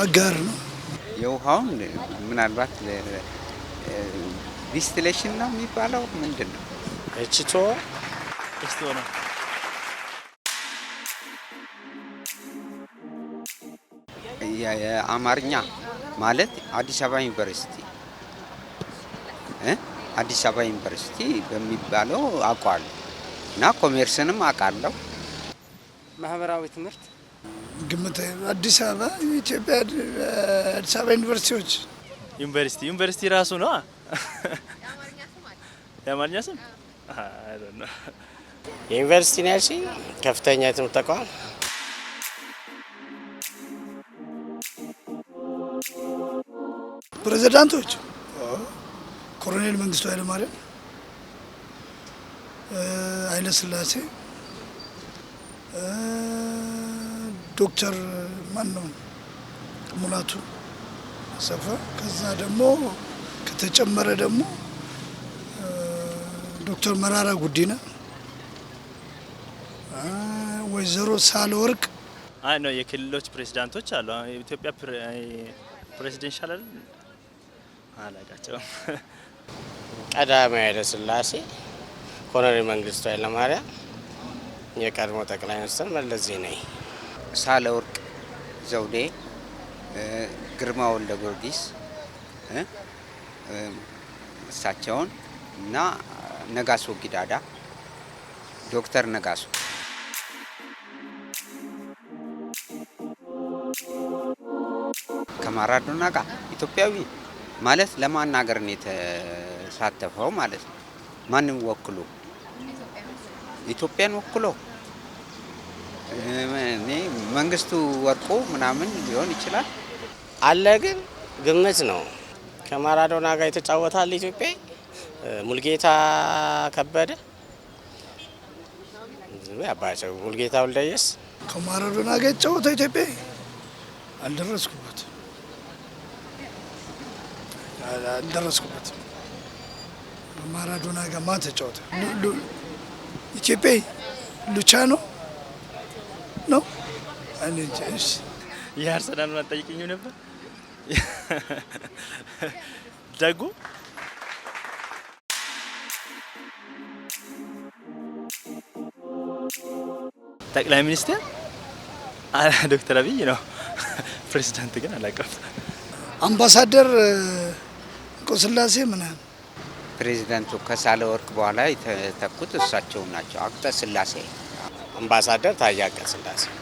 አጋር ነው። የውሃውን ምናልባት ዲስትሌሽን ነው የሚባለው ምንድን ነው? እችቶ ስቶ ነው። የአማርኛ ማለት አዲስ አበባ ዩኒቨርሲቲ አዲስ አበባ ዩኒቨርሲቲ በሚባለው አውቀዋለሁ እና ኮሜርስንም አውቃለሁ። ማህበራዊ ትምህርት ግምት አዲስ አበባ ኢትዮጵያ አዲስ አበባ ዩኒቨርሲቲዎች ዩኒቨርሲቲ ዩኒቨርሲቲ ራሱ ነው የአማርኛ ስም የዩኒቨርሲቲ ነው ከፍተኛ የትምህርት ተቋም ፕሬዚዳንቶች ኮሎኔል መንግስቱ ኃይለማርያም፣ ኃይለስላሴ ዶክተር ማን ነው ሙላቱ ሰፋ ከዛ ደግሞ ከተጨመረ ደግሞ ዶክተር መራራ ጉዲና፣ ወይዘሮ አይ ነው የክልሎች ፕሬዚዳንቶች አሉ። ኢትዮጵያ ፕሬዚደንሻል አላቃቸውም። ቀዳማዊ ኃይለሥላሴ ኮሎኔል መንግስቱ ኃይለማርያም፣ የቀድሞ ጠቅላይ ሚኒስትር መለስ ዜናዊ፣ ሳህለወርቅ ዘውዴ፣ ግርማ ወልደ ጊዮርጊስ እሳቸውን እና ነጋሶ ጊዳዳ ዶክተር ነጋሶ ከማራዶና ጋር ኢትዮጵያዊ ማለት ለማናገር ነው የተሳተፈው ማለት ነው። ማንም ወክሎ ኢትዮጵያን ወክሎ መንግስቱ ወርቁ ምናምን ሊሆን ይችላል አለ። ግን ግምት ነው። ከማራዶና ጋር የተጫወታል ኢትዮጵያ ሙልጌታ ከበደ፣ አባቸው ሙልጌታ ወልደየስ ከማራዶና ጋር የተጫወተው ኢትዮጵያ አልደረስኩበት። አልደረስኩበትም። ማራዶና ጋማ ተጫወተ። ኢትዮጵያ ሉቻ ነው ነው የአርሰናሉን አጠይቅኝም ነበር ደጉ ጠቅላይ ሚኒስትር ዶክተር አብይ ነው። ፕሬዚዳንት ግን አላውቅም። አምባሳደር ስላሴ ምናምን ፕሬዚደንቱ ከሳለ ወርቅ በኋላ የተተኩት እሳቸው ናቸው። አቅጠ ስላሴ አምባሳደር ታያቀ ስላሴ